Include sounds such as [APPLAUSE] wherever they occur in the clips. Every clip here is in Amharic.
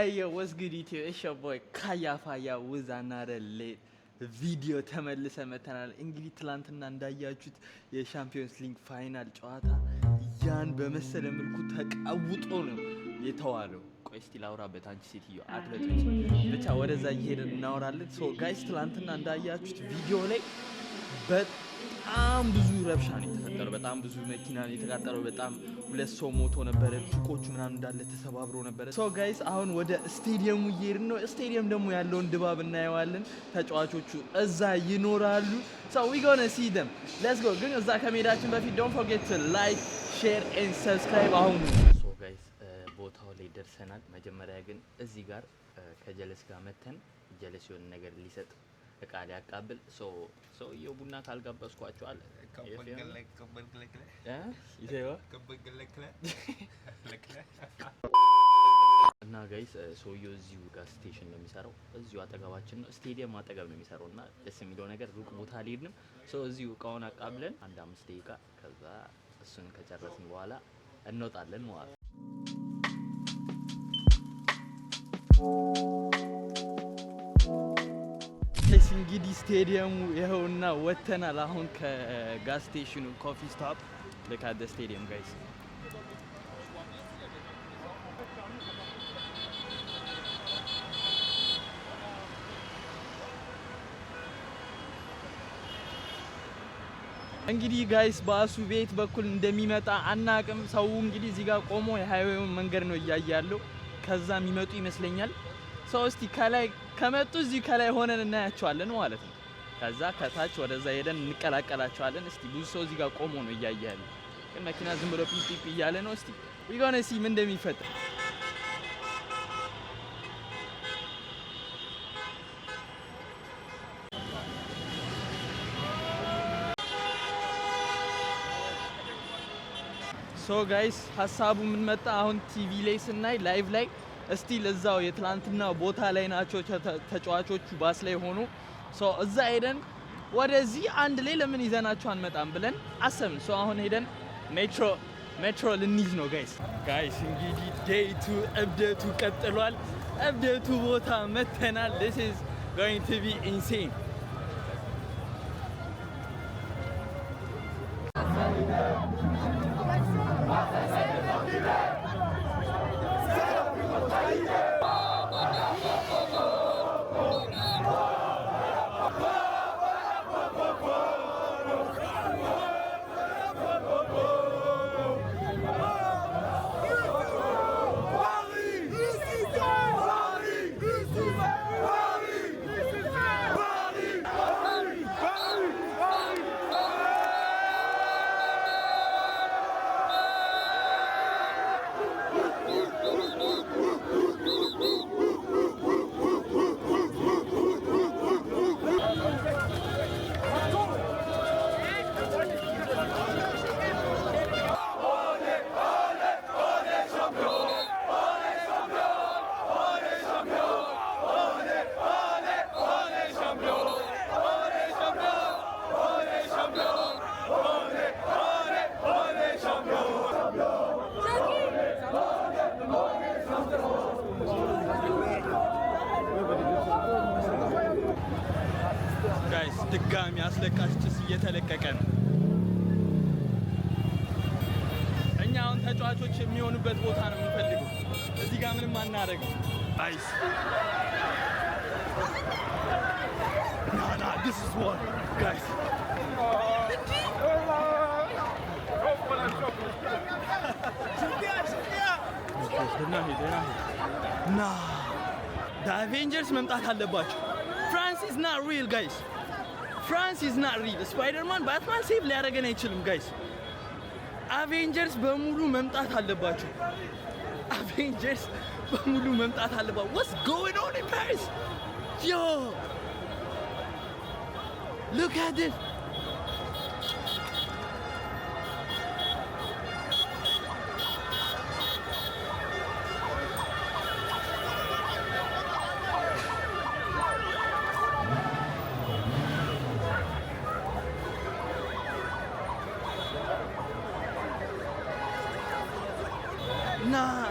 አዮ ወስ ጉድ ኢትዮ እሺ ቦይ ካያፋያ ውዝ አናረ ሌት ቪዲዮ ተመልሰ መተናል። እንግዲህ ትላንትና እንዳያችሁት የሻምፒዮንስ ሊግ ፋይናል ጨዋታ ያን በመሰለ መልኩ ተቃውጦ ነው የተዋለው። ቆይ እስቲ ላውራበት አንቺ ሴትዮ አትበጥች። ብቻ ወደዛ እየሄድን እናወራለን። ሶ ጋይስ ትላንትና እንዳያችሁት ቪዲዮ ላይ በጣም በጣም ብዙ ረብሻ ነው የተፈጠረው። በጣም ብዙ መኪና ነው የተቃጠለው። በጣም ሁለት ሰው ሞቶ ነበረ። ሱቆቹ ምናምን እንዳለ ተሰባብሮ ነበረ። ሶ ጋይስ አሁን ወደ ስቴዲየሙ እየሄድን ነው። ስቴዲየም ደግሞ ያለውን ድባብ እናየዋለን። ተጫዋቾቹ እዛ ይኖራሉ። ሶ ዊ ጎነ ሲ ደም ሌትስ ጎ። ግን እዛ ከመሄዳችን በፊት ዶንት ፎርጌት ላይክ ሼር ኤንድ ሰብስክራይብ አሁን ሶ ጋይስ ቦታው ላይ ደርሰናል። መጀመሪያ ግን እዚህ ጋር ከጀለስ ጋር መተን ጀለስ የሆነ ነገር ሊሰጥ እቃ ሊያቃብል ሰውየው ቡና ካልጋበዝኳቸው አለ [LAUGHS] እና ጋይስ ሰውየው እዚሁ ጋር ስቴሽን ነው የሚሰራው፣ እዚሁ አጠገባችን ነው፣ ስቴዲየም አጠገብ ነው የሚሰራው። እና ደስ የሚለው ነገር ሩቅ ቦታ አልሄድንም። ሰው እዚሁ እቃውን አቃብለን አንድ አምስት ደቂቃ ከዛ እሱን ከጨረስን በኋላ እንወጣለን ማለት ነው። እንግዲህ ስቴዲየሙ ይኸውና ወተናል። አሁን ከጋዝ ስቴሽኑ ኮፊ ስቶፕ ልካደ ስቴዲየም ጋይስ እንግዲህ ጋይስ ባሱ ቤት በኩል እንደሚመጣ አናቅም። ሰው እንግዲህ እዚህ ጋር ቆሞ የሃይዌውን መንገድ ነው እያያለው ከዛ የሚመጡ ይመስለኛል ሰው እስቲ ከላይ ከመጡ እዚህ ከላይ ሆነን እናያቸዋለን ማለት ነው። ከዛ ከታች ወደዛ ሄደን እንቀላቀላቸዋለን። እስቲ ብዙ ሰው እዚህ ጋር ቆሞ ነው እያየ ያለ፣ ግን መኪና ዝም ብሎ ፒፒ እያለ ነው። እስቲ ሆነ ሲ ምን እንደሚፈጠር ሶ ጋይስ ሀሳቡ ምን መጣ? አሁን ቲቪ ላይ ስናይ ላይቭ ላይ እስቲ ለዛው የትላንትና ቦታ ላይ ናቸው ተጫዋቾቹ ባስ ላይ ሆኑ። እዛ ሄደን ወደዚህ አንድ ላይ ለምን ይዘናቸው አንመጣም ብለን አሰብን። አሁን ሄደን ሜትሮ ሜትሮ ልንይዝ ነው ጋይስ። ጋይስ እንግዲህ ዴይቱ እብደቱ ቀጥሏል። እብደቱ ቦታ መተናል። ዲስ ኢዝ ጎይንግ ቱ ቢ ኢንሴን ጋይስ ድጋሚ አስለቃሽ ጭስ እየተለቀቀ ነው። እኛ አሁን ተጫዋቾች የሚሆኑበት ቦታ ነው የምንፈልገው። እዚህ ጋር ምንም አናደርግም። ጋይስ ና ዳቬንጀርስ መምጣት አለባቸው። ፍራንሲስ ና ሪል ጋይስ ፍራንስ ኢዝ ናት ሪል። ስፓይደርማን ባትማን ሴቭ ሊያደርገን አይችልም ጋይስ። አቬንጀርስ በሙሉ መምጣት አለባቸው። አቬንጀርስ በሙሉ መምጣት አለባቸው። ዋትስ ጎይንግ ኦን ኢን ፓሪስ ዮ ሉክ አት ዲስ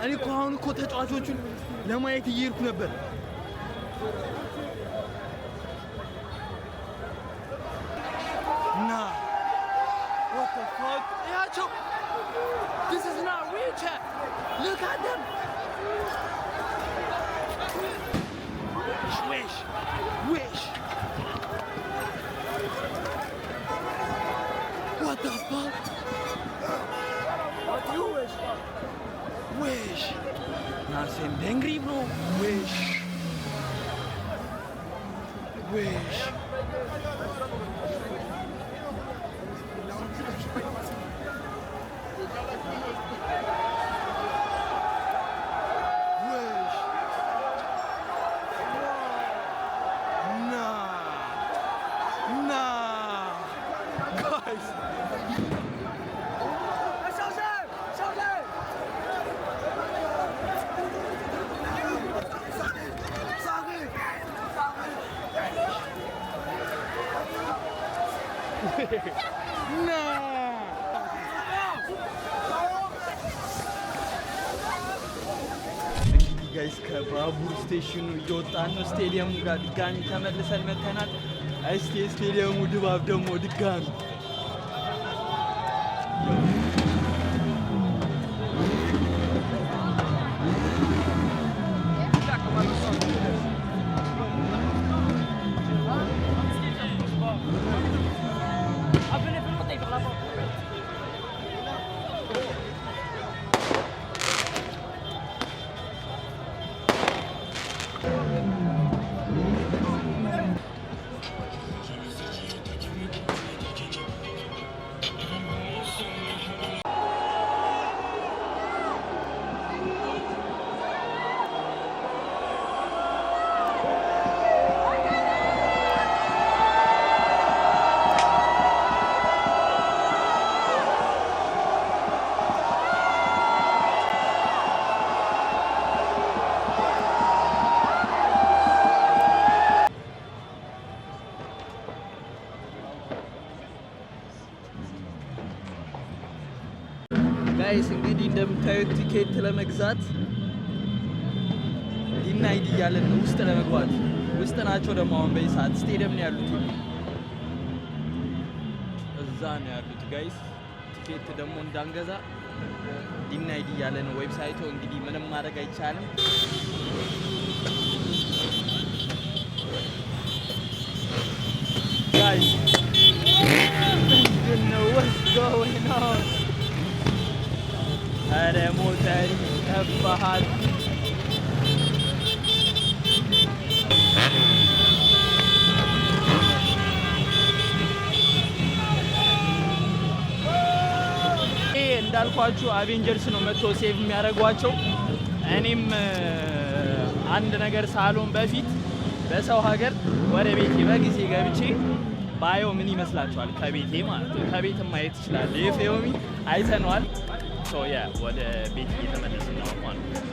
እኔ እኮ አሁን እኮ ተጫዋቾቹን ለማየት እየሄድኩ ነበር። እና ያቸው ዲስ ኢዝ ሉክ አት beş. Guys! እንግዲህ ጋይስ ከባቡር ስቴሽኑ እየወጣን ነው። ስቴዲየሙ ጋር ድጋሚ ተመልሰን መተናል። እስኪ ስቴዲየሙ ድባብ ደግሞ ድጋሚ እንደምታዩት ቲኬት ለመግዛት ዲናይድ እያለን ውስጥ ለመግባት ውስጥ ናቸው። ደግሞ አሁን በዚህ ሰዓት ስቴዲየም ነው ያሉት፣ እዛ ነው ያሉት ጋይስ። ቲኬት ደግሞ እንዳንገዛ ዲናይድ እያለን ዌብሳይቱ እንግዲህ ምንም ማድረግ አይቻልም። mahal. እንዳልኳችሁ አቬንጀርስ ነው መጥቶ ሴቭ የሚያደርጓቸው። እኔም አንድ ነገር ሳሎን በፊት በሰው ሀገር ወደ ቤቴ በጊዜ ገብቼ ባየው ምን ይመስላችኋል? ከቤቴ ማለት ነው። ከቤት ማየት ይችላል። ኤፍሬም አይተነዋል። So yeah, what uh, big difference is in one.